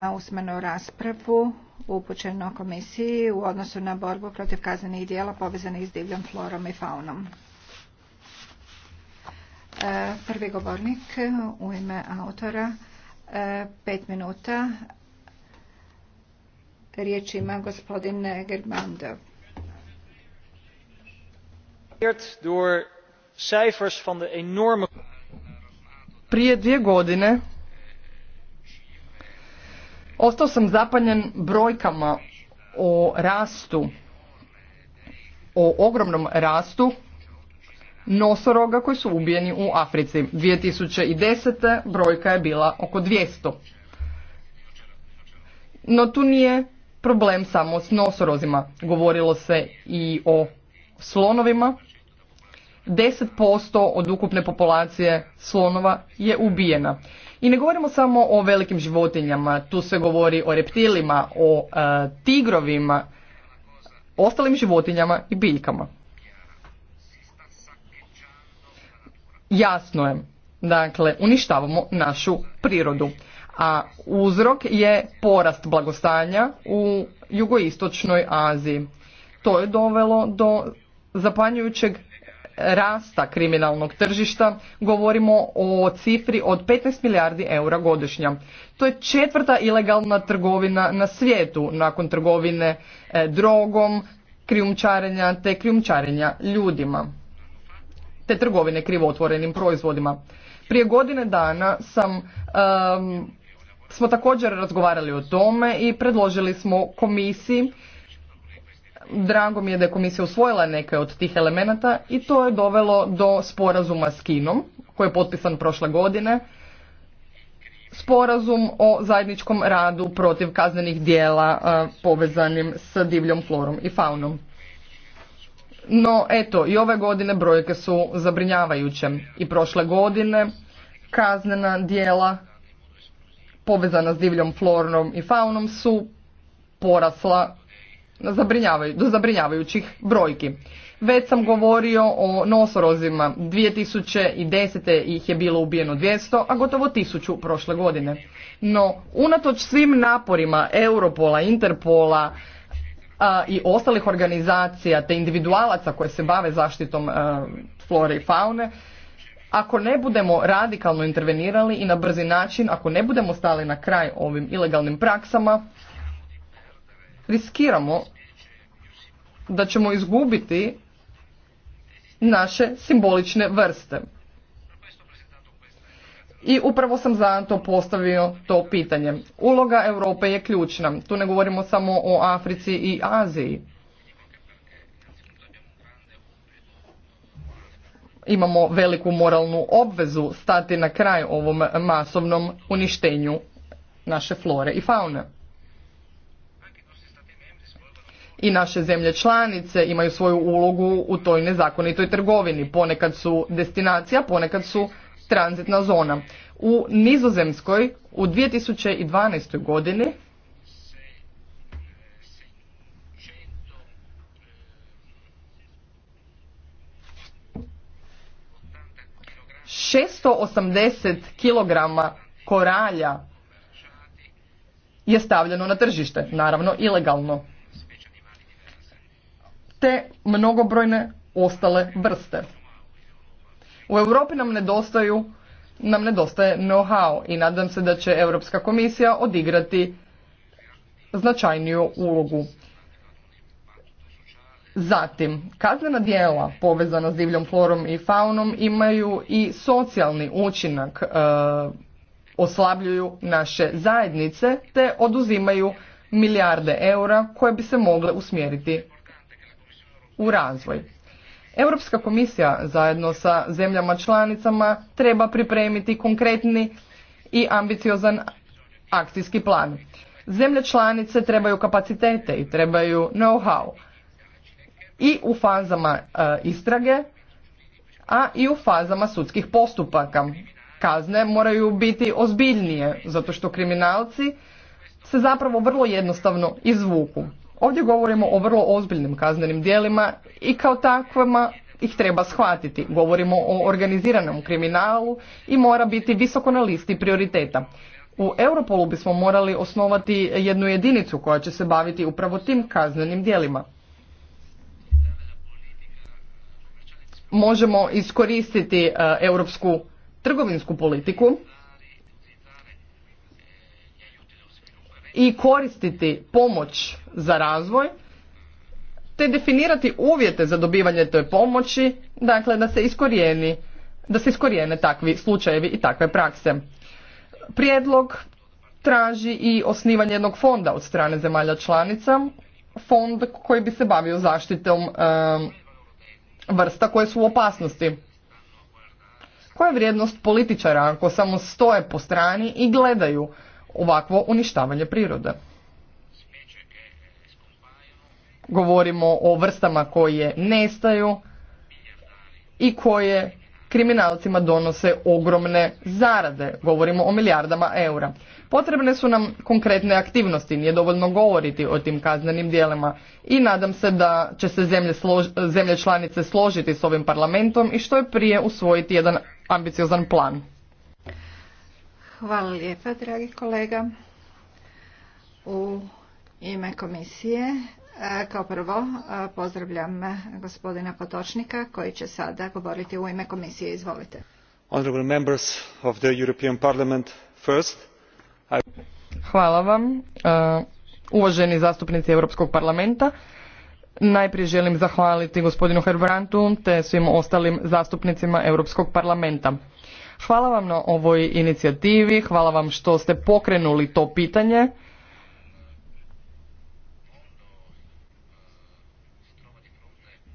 na usmenu raspravu upućeno komisiji u odnosu na borbu protiv kaznenih dijela povezanih s divljom florom i faunom. E, prvi govornik u ime autora, e, pet minuta. Riječ ima gospodin Germando. Prije dvije godine Ostao sam zapanjen brojkama o rastu, o ogromnom rastu nosoroga koji su ubijeni u Africi. 2010. brojka je bila oko 200. No tu nije problem samo s nosorozima. Govorilo se i o slonovima 10% od ukupne populacije slonova je ubijena. I ne govorimo samo o velikim životinjama, tu se govori o reptilima, o e, tigrovima, ostalim životinjama i biljkama. Jasno je, dakle, uništavamo našu prirodu, a uzrok je porast blagostanja u jugoistočnoj Aziji. To je dovelo do zapanjujućeg rasta kriminalnog tržišta govorimo o cifri od 15 milijardi eura godišnja. To je četvrta ilegalna trgovina na svijetu nakon trgovine e, drogom, krijumčarenja te krijumčarenja ljudima te trgovine krivotvorenim proizvodima. Prije godine dana sam smo također razgovarali o tome i predložili smo komisiji Drago mi je da je komisija usvojila neke od tih elemenata i to je dovelo do sporazuma s Kinom koji je potpisan prošle godine. Sporazum o zajedničkom radu protiv kaznenih dijela povezanim s divljom florom i faunom. No, eto, i ove godine brojke su zabrinjavajuće. I prošle godine kaznena dijela povezana s divljom florom i faunom su porasla do zabrinjavajućih brojki. Već sam govorio o nosorozima, 2010. ih je bilo ubijeno 200, a gotovo 1000 prošle godine. No, unatoč svim naporima Europola, Interpola a, i ostalih organizacija te individualaca koje se bave zaštitom flore i faune, ako ne budemo radikalno intervenirali i na brzi način, ako ne budemo stali na kraj ovim ilegalnim praksama, riskiramo da ćemo izgubiti naše simbolične vrste. I upravo sam zato postavio to pitanje. Uloga Europe je ključna. Tu ne govorimo samo o Africi i Aziji. Imamo veliku moralnu obvezu stati na kraj ovom masovnom uništenju naše flore i faune i naše zemlje članice imaju svoju ulogu u toj nezakonitoj trgovini. Ponekad su destinacija, ponekad su tranzitna zona. U Nizozemskoj u 2012. godini šesto osamdeset kilograma koralja je stavljeno na tržište naravno ilegalno te mnogobrojne ostale vrste. U Europi nam nedostaju nam nedostaje know-how i nadam se da će Europska komisija odigrati značajniju ulogu. Zatim, kaznena dijela povezana s divljom florom i faunom imaju i socijalni učinak, e, oslabljuju naše zajednice te oduzimaju milijarde eura koje bi se mogle usmjeriti u razvoj. Europska komisija zajedno sa zemljama članicama treba pripremiti konkretni i ambiciozan akcijski plan. Zemlje članice trebaju kapacitete i trebaju know-how i u fazama e, istrage, a i u fazama sudskih postupaka. Kazne moraju biti ozbiljnije zato što kriminalci se zapravo vrlo jednostavno izvuku. Ovdje govorimo o vrlo ozbiljnim kaznenim djelima i kao takvima ih treba shvatiti. Govorimo o organiziranom kriminalu i mora biti visoko na listi prioriteta. U Europolu bismo morali osnovati jednu jedinicu koja će se baviti upravo tim kaznenim djelima. Možemo iskoristiti e, europsku trgovinsku politiku i koristiti pomoć za razvoj te definirati uvjete za dobivanje toj pomoći, dakle da se iskorijeni, da se iskorijene takvi slučajevi i takve prakse. Prijedlog traži i osnivanje jednog fonda od strane zemalja članica, fond koji bi se bavio zaštitom e, vrsta koje su u opasnosti. Koja je vrijednost političara ako samo stoje po strani i gledaju ovakvo uništavanje prirode. Govorimo o vrstama koje nestaju i koje kriminalcima donose ogromne zarade. Govorimo o milijardama eura. Potrebne su nam konkretne aktivnosti, nije dovoljno govoriti o tim kaznenim dijelima i nadam se da će se zemlje, zemlje članice složiti s ovim parlamentom i što je prije usvojiti jedan ambiciozan plan. Hvala lijepa, dragi kolega. U ime komisije, e, kao prvo, e, pozdravljam gospodina Potočnika koji će sada govoriti u ime komisije. Izvolite. members Hvala vam, e, uvaženi zastupnici Europskog parlamenta. Najprije želim zahvaliti gospodinu Herbrantu te svim ostalim zastupnicima Europskog parlamenta. Hvala vam na ovoj inicijativi, hvala vam što ste pokrenuli to pitanje.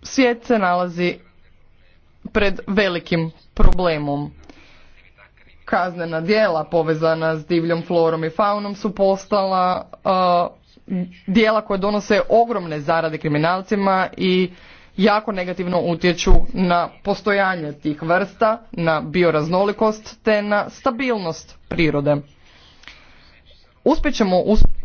Svijet se nalazi pred velikim problemom. Kaznena djela povezana s divljom florom i faunom su postala dijela uh, djela koja donose ogromne zarade kriminalcima i jako negativno utječu na postojanje tih vrsta, na bioraznolikost te na stabilnost prirode.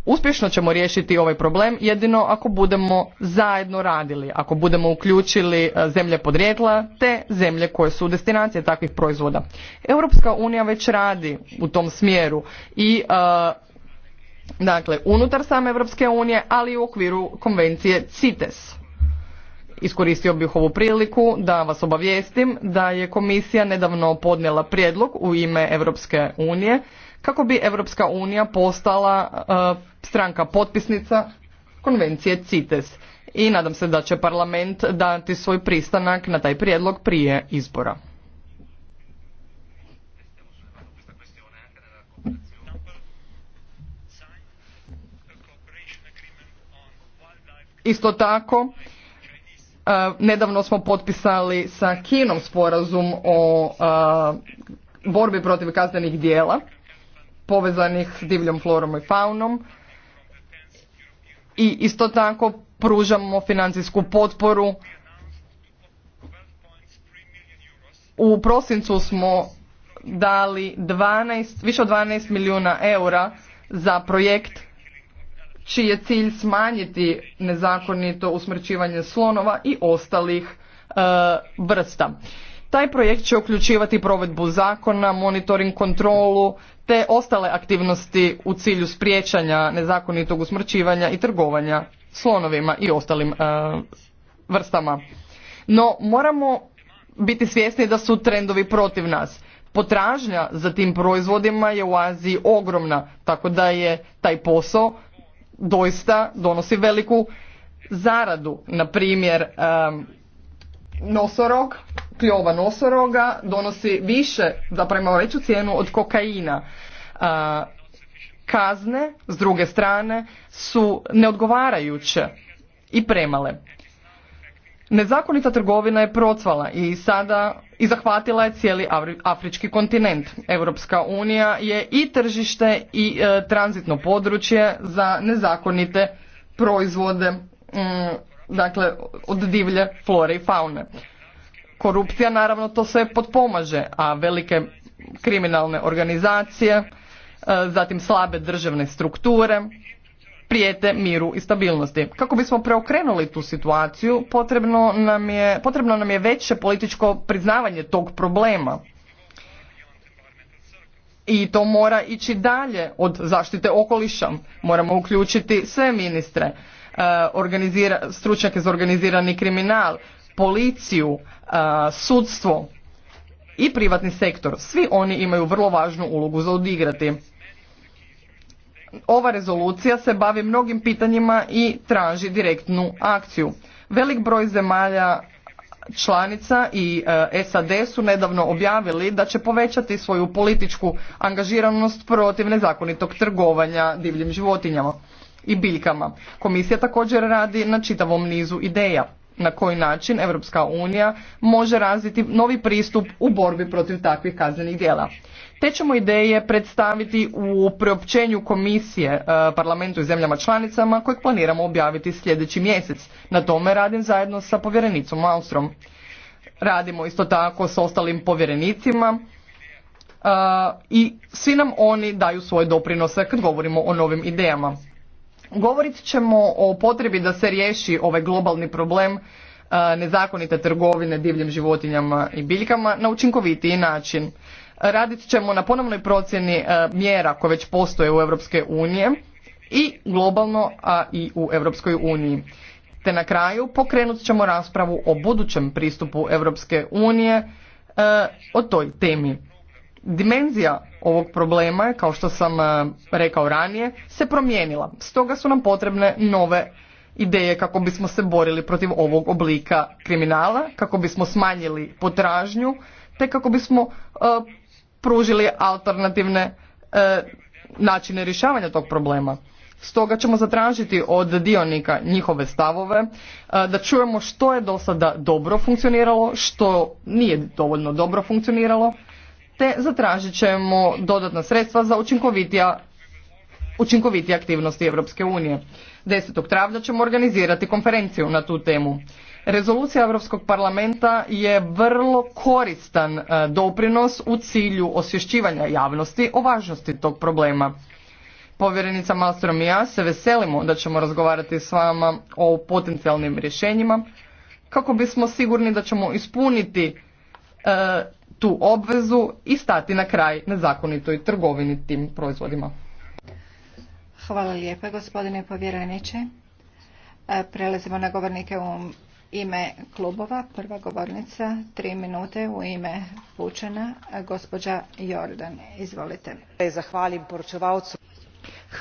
uspješno ćemo riješiti ovaj problem jedino ako budemo zajedno radili, ako budemo uključili e, zemlje podrijetla te zemlje koje su destinacije takvih proizvoda. Europska unija već radi u tom smjeru i e, dakle unutar same Europske unije, ali i u okviru konvencije CITES. Iskoristio bih ovu priliku da vas obavijestim da je komisija nedavno podnijela prijedlog u ime Europske unije kako bi Europska unija postala e, stranka potpisnica konvencije CITES i nadam se da će parlament dati svoj pristanak na taj prijedlog prije izbora. Isto tako E, nedavno smo potpisali sa Kinom sporazum o e, borbi protiv kaznenih dijela povezanih s divljom florom i faunom i isto tako pružamo financijsku potporu. U prosincu smo dali više od 12 milijuna eura za projekt čiji je cilj smanjiti nezakonito usmrćivanje slonova i ostalih e, vrsta. Taj projekt će uključivati provedbu zakona, monitoring, kontrolu te ostale aktivnosti u cilju spriječanja nezakonitog usmrćivanja i trgovanja slonovima i ostalim e, vrstama. No moramo biti svjesni da su trendovi protiv nas. Potražnja za tim proizvodima je u Aziji ogromna, tako da je taj posao doista donosi veliku zaradu. Na primjer, nosorog, kljova nosoroga donosi više, zapravo ima veću cijenu od kokaina. Kazne, s druge strane, su neodgovarajuće i premale. Nezakonita trgovina je procvala i sada i zahvatila je cijeli afrički kontinent. Europska unija je i tržište i e, tranzitno područje za nezakonite proizvode, mm, dakle od divlje flore i faune. Korupcija naravno to sve potpomaže, a velike kriminalne organizacije, e, zatim slabe državne strukture, prijete miru i stabilnosti. Kako bismo preokrenuli tu situaciju, potrebno nam je, potrebno nam je veće političko priznavanje tog problema. I to mora ići dalje od zaštite okoliša. Moramo uključiti sve ministre, e, organizira, stručnjake za organizirani kriminal, policiju, e, sudstvo i privatni sektor. Svi oni imaju vrlo važnu ulogu za odigrati ova rezolucija se bavi mnogim pitanjima i traži direktnu akciju. Velik broj zemalja članica i e, SAD su nedavno objavili da će povećati svoju političku angažiranost protiv nezakonitog trgovanja divljim životinjama i biljkama. Komisija također radi na čitavom nizu ideja na koji način Europska unija može razviti novi pristup u borbi protiv takvih kaznenih djela. Te ćemo ideje predstaviti u priopćenju komisije e, parlamentu i zemljama članicama kojeg planiramo objaviti sljedeći mjesec. Na tome radim zajedno sa povjerenicom Austrom. Radimo isto tako s ostalim povjerenicima e, i svi nam oni daju svoje doprinose kad govorimo o novim idejama. Govorit ćemo o potrebi da se riješi ovaj globalni problem e, nezakonite trgovine divljim životinjama i biljkama na učinkovitiji način. Radit ćemo na ponovnoj procjeni e, mjera koje već postoje u Europske unije i globalno, a i u Europskoj uniji. Te na kraju pokrenut ćemo raspravu o budućem pristupu Europske unije e, o toj temi. Dimenzija ovog problema kao što sam e, rekao ranije, se promijenila. Stoga su nam potrebne nove ideje kako bismo se borili protiv ovog oblika kriminala, kako bismo smanjili potražnju, te kako bismo e, pružili alternativne e, načine rješavanja tog problema. Stoga ćemo zatražiti od dionika njihove stavove da čujemo što je do sada dobro funkcioniralo, što nije dovoljno dobro funkcioniralo te zatražit ćemo dodatna sredstva za učinkovitija učinkovitije aktivnosti Europske unije. 10. travnja ćemo organizirati konferenciju na tu temu. Rezolucija Europskog parlamenta je vrlo koristan e, doprinos u cilju osvješćivanja javnosti o važnosti tog problema. Povjerenica Malstrom i ja se veselimo da ćemo razgovarati s vama o potencijalnim rješenjima kako bismo sigurni da ćemo ispuniti e, tu obvezu i stati na kraj nezakonitoj trgovini tim proizvodima. Hvala lijepa gospodine povjereniče. E, prelazimo na govornike u ime klubova. Prva govornica, tri minute u ime Pučana, gospođa Jordan. Izvolite. Zahvalim poručevalcu.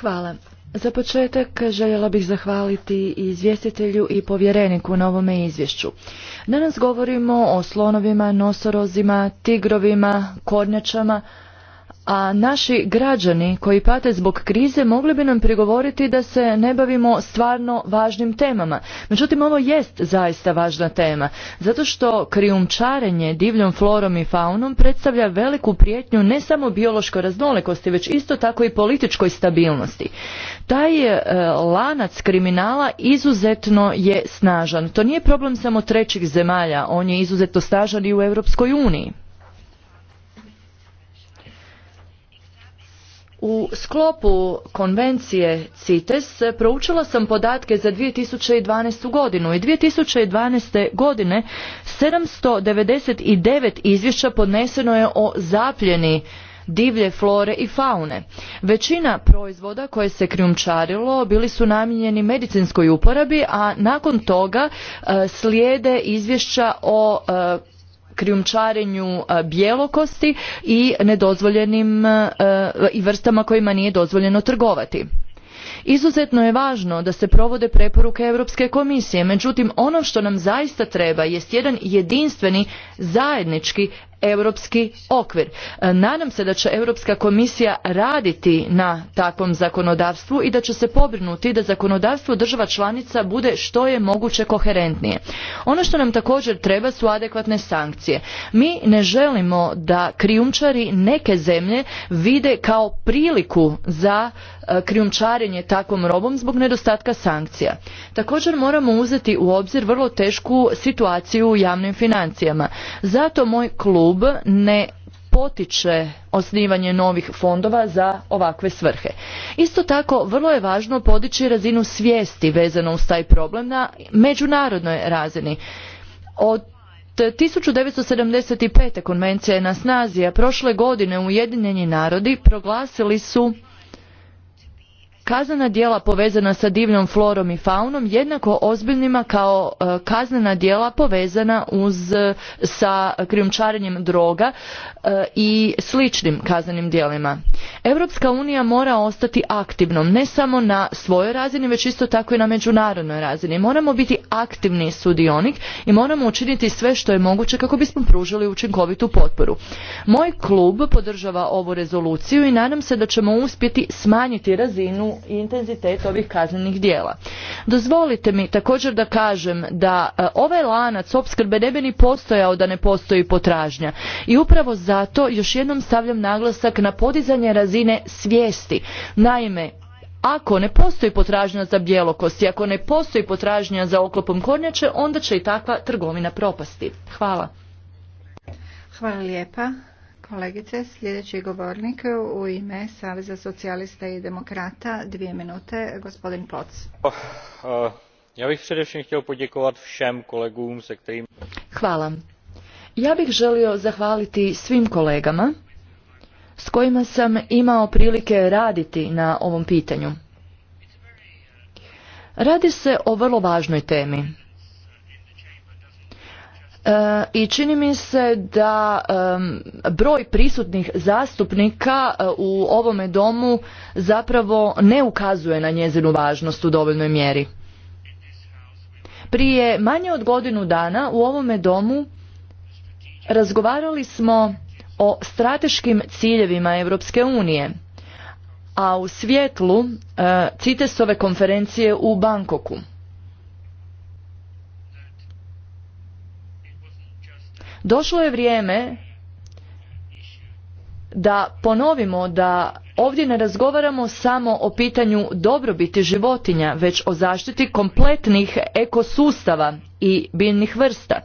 Hvala. Za početak željela bih zahvaliti izvjestitelju i povjereniku na ovome izvješću. Danas govorimo o slonovima, nosorozima, tigrovima, kornjačama, a naši građani koji pate zbog krize mogli bi nam prigovoriti da se ne bavimo stvarno važnim temama. Međutim, ovo jest zaista važna tema, zato što krijumčarenje divljom florom i faunom predstavlja veliku prijetnju ne samo biološkoj raznolikosti, već isto tako i političkoj stabilnosti. Taj e, lanac kriminala izuzetno je snažan. To nije problem samo trećih zemalja, on je izuzetno snažan i u Europskoj uniji. U sklopu konvencije CITES proučila sam podatke za 2012. godinu i 2012. godine 799 izvješća podneseno je o zapljeni divlje flore i faune. Većina proizvoda koje se krijumčarilo bili su namijenjeni medicinskoj uporabi, a nakon toga e, slijede izvješća o e, krijumčarenju e, bjelokosti i nedozvoljenim e, e, i vrstama kojima nije dozvoljeno trgovati. Izuzetno je važno da se provode preporuke Europske komisije, međutim ono što nam zaista treba jest jedan jedinstveni zajednički europski okvir. E, nadam se da će Europska komisija raditi na takvom zakonodavstvu i da će se pobrinuti da zakonodavstvo država članica bude što je moguće koherentnije. Ono što nam također treba su adekvatne sankcije. Mi ne želimo da krijumčari neke zemlje vide kao priliku za E, krijumčarenje takvom robom zbog nedostatka sankcija. Također moramo uzeti u obzir vrlo tešku situaciju u javnim financijama. Zato moj klub ne potiče osnivanje novih fondova za ovakve svrhe. Isto tako, vrlo je važno podići razinu svijesti vezano uz taj problem na međunarodnoj razini. Od 1975. konvencija je na snazi, a prošle godine Ujedinjeni narodi proglasili su kaznena djela povezana sa divljom florom i faunom jednako ozbiljnima kao e, kaznena djela povezana uz e, sa krijumčarenjem droga e, i sličnim kaznenim djelima. Europska unija mora ostati aktivnom ne samo na svojoj razini već isto tako i na međunarodnoj razini. Moramo biti aktivni sudionik i moramo učiniti sve što je moguće kako bismo pružili učinkovitu potporu. Moj klub podržava ovu rezoluciju i nadam se da ćemo uspjeti smanjiti razinu i intenzitet ovih kaznenih dijela. Dozvolite mi također da kažem da e, ovaj lanac opskrbe ne bi ni postojao da ne postoji potražnja. I upravo zato još jednom stavljam naglasak na podizanje razine svijesti. Naime, ako ne postoji potražnja za i ako ne postoji potražnja za oklopom kornjače, onda će i takva trgovina propasti. Hvala. Hvala lijepa. Kolegice, sljedeći govornik u ime Saveza socijalista i demokrata, dvije minute, gospodin Poc. Oh, uh, ja bih srdečně htio podjekovat všem se kterim... Hvala. Ja bih želio zahvaliti svim kolegama s kojima sam imao prilike raditi na ovom pitanju. Radi se o vrlo važnoj temi E, i čini mi se da broj prisutnih zastupnika e, u ovome domu zapravo ne ukazuje na njezinu važnost u dovoljnoj mjeri. Prije manje od godinu dana u ovome domu razgovarali smo o strateškim ciljevima Europske unije, a u svjetlu e, CITESove konferencije u Bankoku. Došlo je vrijeme da ponovimo da ovdje ne razgovaramo samo o pitanju dobrobiti životinja, već o zaštiti kompletnih ekosustava i biljnih vrsta.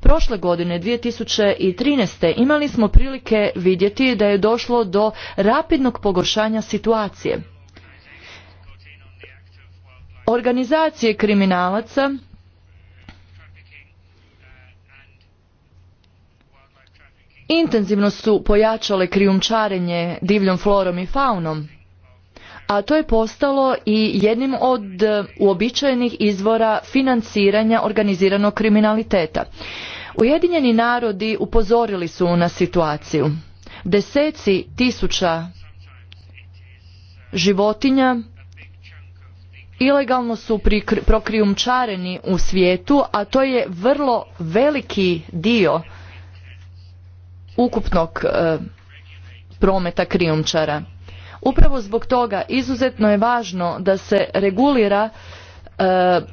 Prošle godine 2013. imali smo prilike vidjeti da je došlo do rapidnog pogoršanja situacije. Organizacije kriminalaca intenzivno su pojačale krijumčarenje divljom florom i faunom, a to je postalo i jednim od e, uobičajenih izvora financiranja organiziranog kriminaliteta. Ujedinjeni narodi upozorili su na situaciju. Deseci tisuća životinja ilegalno su prokrijumčareni u svijetu, a to je vrlo veliki dio ukupnog e, prometa krijumčara. Upravo zbog toga izuzetno je važno da se regulira e,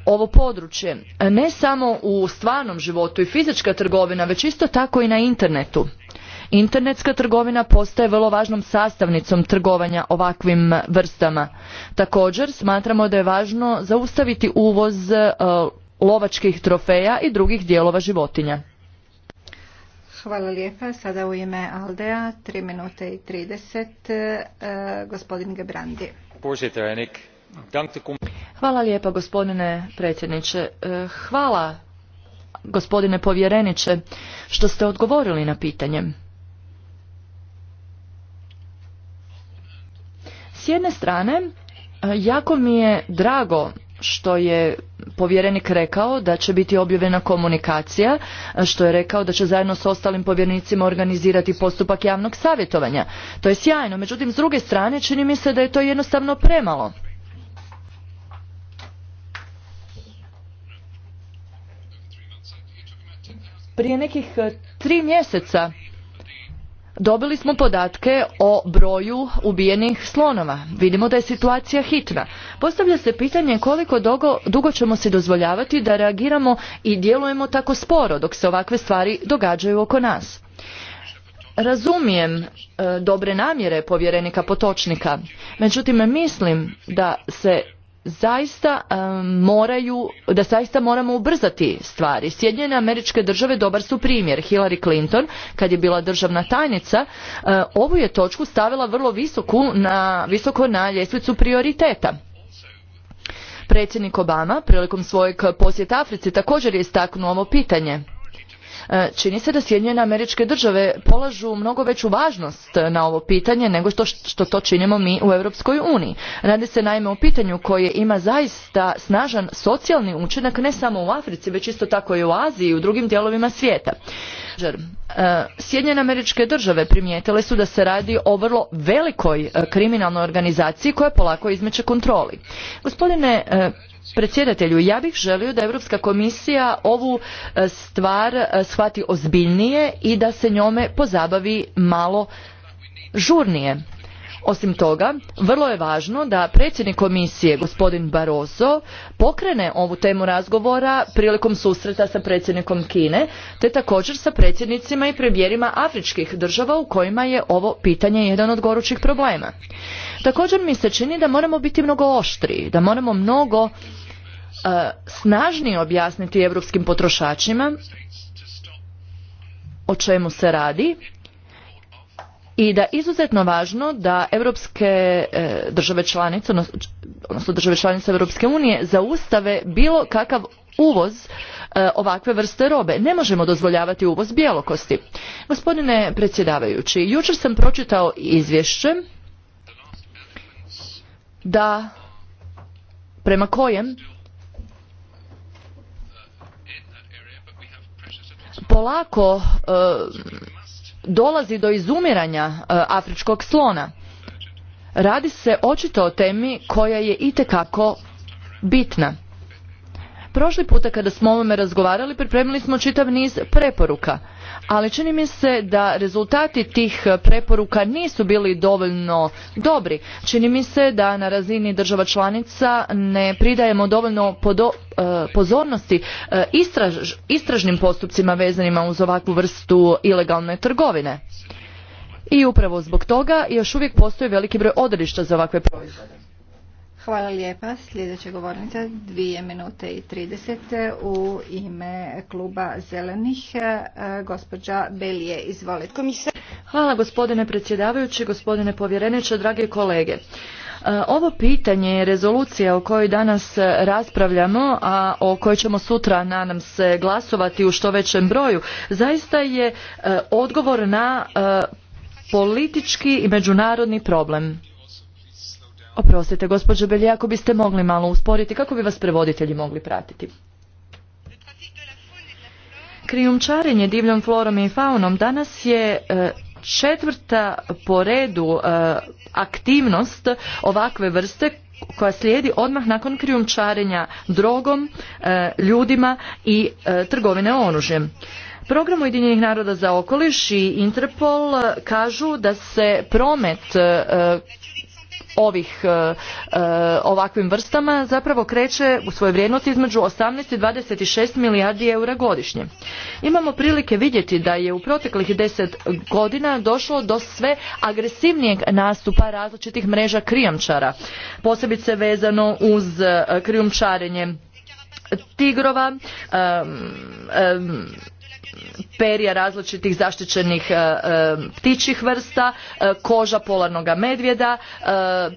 ovo područje ne samo u stvarnom životu i fizička trgovina već isto tako i na internetu. Internetska trgovina postaje vrlo važnom sastavnicom trgovanja ovakvim vrstama. Također smatramo da je važno zaustaviti uvoz e, lovačkih trofeja i drugih dijelova životinja. Hvala lijepa. Sada u ime Aldea, 3 minute i 30, e, gospodin Gebrandi. Hvala lijepa gospodine predsjedniče. E, hvala gospodine povjereniče što ste odgovorili na pitanje. S jedne strane, e, jako mi je drago što je povjerenik rekao da će biti objavljena komunikacija, što je rekao da će zajedno s ostalim povjerenicima organizirati postupak javnog savjetovanja. To je sjajno, međutim s druge strane čini mi se da je to jednostavno premalo. Prije nekih e, tri mjeseca dobili smo podatke o broju ubijenih slonova. Vidimo da je situacija hitna. Postavlja se pitanje koliko dugo, dugo ćemo se dozvoljavati da reagiramo i djelujemo tako sporo dok se ovakve stvari događaju oko nas. Razumijem e, dobre namjere povjerenika Potočnika, međutim mislim da se zaista e, moraju, da zaista moramo ubrzati stvari. Sjedinjene američke države dobar su primjer. Hillary Clinton, kad je bila državna tajnica, e, ovu je točku stavila vrlo visoku na, visoko na ljestvicu prioriteta. Predsjednik Obama prilikom svojeg posjeta Africi također je istaknuo ovo pitanje. E, čini se da Sjedinjene američke države polažu mnogo veću važnost na ovo pitanje nego što, to činimo mi u Europskoj uniji. Radi se naime o pitanju koje ima zaista snažan socijalni učinak ne samo u Africi, već isto tako i u Aziji i u drugim dijelovima svijeta. E, Sjedinjene američke države primijetile su da se radi o vrlo velikoj e, kriminalnoj organizaciji koja polako izmeće kontroli. Gospodine predsjedatelju ja bih želio da europska komisija ovu e, stvar e, shvati ozbiljnije i da se njome pozabavi malo žurnije osim toga vrlo je važno da predsjednik komisije gospodin barroso pokrene ovu temu razgovora prilikom susreta sa predsjednikom kine te također sa predsjednicima i premijerima afričkih država u kojima je ovo pitanje jedan od gorućih problema također mi se čini da moramo biti mnogo oštriji da moramo mnogo E, snažnije objasniti europskim potrošačima o čemu se radi i da je izuzetno važno da europske e, države članice, odnosno države članice Europske unije zaustave bilo kakav uvoz e, ovakve vrste robe. Ne možemo dozvoljavati uvoz bjelokosti. Gospodine predsjedavajući, jučer sam pročitao izvješće da prema kojem polako e, dolazi do izumiranja e, afričkog slona. Radi se očito o temi koja je itekako bitna. Prošli puta kada smo o ovome razgovarali pripremili smo čitav niz preporuka, ali čini mi se da rezultati tih preporuka nisu bili dovoljno dobri. Čini mi se da na razini država članica ne pridajemo dovoljno e, pozornosti e, istražnim postupcima vezanima uz ovakvu vrstu ilegalne trgovine. I upravo zbog toga još uvijek postoji veliki broj odredišta za ovakve proizvode. Hvala lijepa. Sljedeća govornica, dvije minute i trideset u ime kluba zelenih, e, gospođa Belije, izvolite. Hvala gospodine predsjedavajući, gospodine povjereniče, drage kolege. E, ovo pitanje rezolucija o kojoj danas raspravljamo, a o kojoj ćemo sutra, nadam se, glasovati u što većem broju, zaista je e, odgovor na politički i međunarodni problem Oprostite, gospođo Belje, ako biste mogli malo usporiti, kako bi vas prevoditelji mogli pratiti? Krijumčarenje divljom florom i faunom danas je e, četvrta po redu e, aktivnost ovakve vrste koja slijedi odmah nakon krijumčarenja drogom, e, ljudima i trgovine oružjem. Program Ujedinjenih naroda za okoliš i Interpol kažu da se promet ovih e, e, ovakvim vrstama zapravo kreće u svojoj vrijednosti između 18 i 26 milijardi eura godišnje. Imamo prilike vidjeti da je u proteklih 10 godina došlo do sve agresivnijeg nastupa različitih mreža krijamčara, posebice vezano uz e, krijumčarenje tigrova, perja različitih zaštićenih e, e, ptičih vrsta, e, koža polarnoga medvjeda,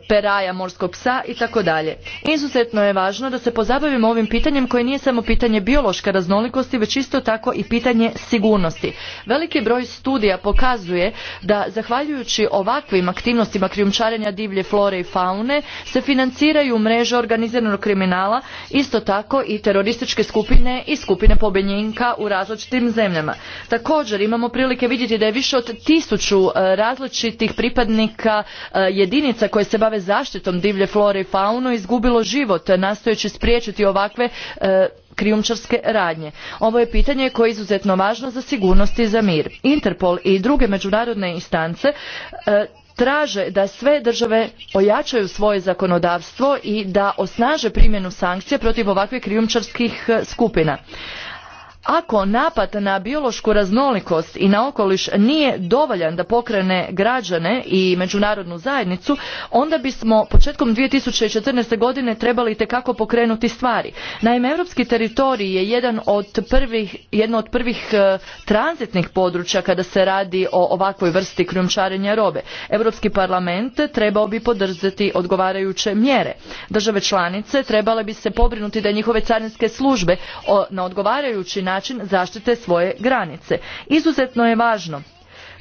peraja morskog psa i tako dalje. Izuzetno je važno da se pozabavimo ovim pitanjem koje nije samo pitanje biološke raznolikosti, već isto tako i pitanje sigurnosti. Veliki broj studija pokazuje da zahvaljujući ovakvim aktivnostima krijumčarenja divlje flore i faune se financiraju mreže organiziranog kriminala, isto tako i terorističke skupine i skupine pobenjinka u različitim zemljama. Također imamo prilike vidjeti da je više od tisuću e, različitih pripadnika e, jedinica koje se bave zaštitom divlje flore i faunu izgubilo život nastojeći spriječiti ovakve e, krijumčarske radnje. Ovo je pitanje koje je izuzetno važno za sigurnost i za mir. Interpol i druge međunarodne instance traže da sve države ojačaju svoje zakonodavstvo i da osnaže primjenu sankcija protiv ovakvih krijumčarskih skupina. Ako napad na biološku raznolikost i na okoliš nije dovoljan da pokrene građane i međunarodnu zajednicu, onda bismo početkom 2014. godine trebali itekako pokrenuti stvari. Naime, europski teritorij je jedan od prvih, jedno od prvih e, tranzitnih područja kada se radi o ovakvoj vrsti krijumčarenja robe. Europski parlament trebao bi podržati odgovarajuće mjere. Države članice trebale bi se pobrinuti da njihove carinske službe na odgovarajući način način zaštite svoje granice. Izuzetno je važno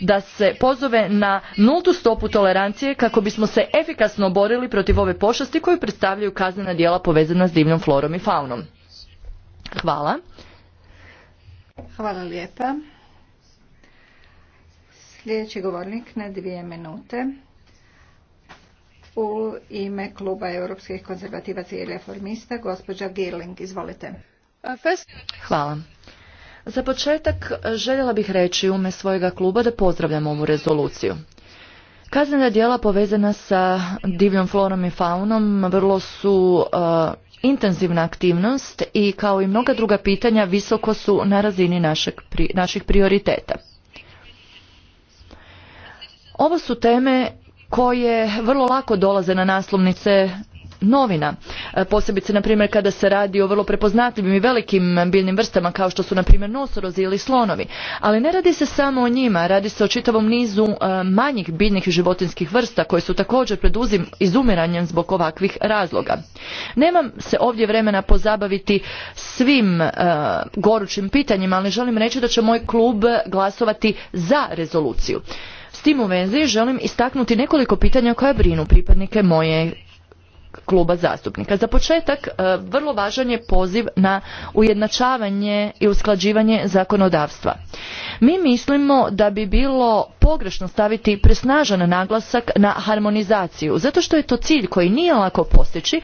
da se pozove na nultu stopu tolerancije kako bismo se efikasno borili protiv ove pošasti koju predstavljaju kaznena djela povezana s divljom florom i faunom. Hvala. Hvala lijepa. Sljedeći govornik na dvije minute u ime kluba europskih konzervativaca i reformista gospođa Girling. Izvolite. Hvala. Za početak željela bih reći ume svojega kluba da pozdravljam ovu rezoluciju. Kaznena djela povezana sa divljom florom i faunom vrlo su e, intenzivna aktivnost i kao i mnoga druga pitanja visoko su na razini našeg, naših prioriteta. Ovo su teme koje vrlo lako dolaze na naslovnice novina E, posebice na primjer kada se radi o vrlo prepoznatljivim i velikim biljnim vrstama kao što su na primjer nosorozi ili slonovi. Ali ne radi se samo o njima, radi se o čitavom nizu e, manjih biljnih i životinskih vrsta koje su također pred izumiranjem zbog ovakvih razloga. Nemam se ovdje vremena pozabaviti svim e, gorućim pitanjima, ali želim reći da će moj klub glasovati za rezoluciju. S tim u vezi želim istaknuti nekoliko pitanja koja brinu pripadnike moje kluba zastupnika. Za početak, e, vrlo važan je poziv na ujednačavanje i usklađivanje zakonodavstva. Mi mislimo da bi bilo pogrešno staviti presnažan naglasak na harmonizaciju, zato što je to cilj koji nije lako postići,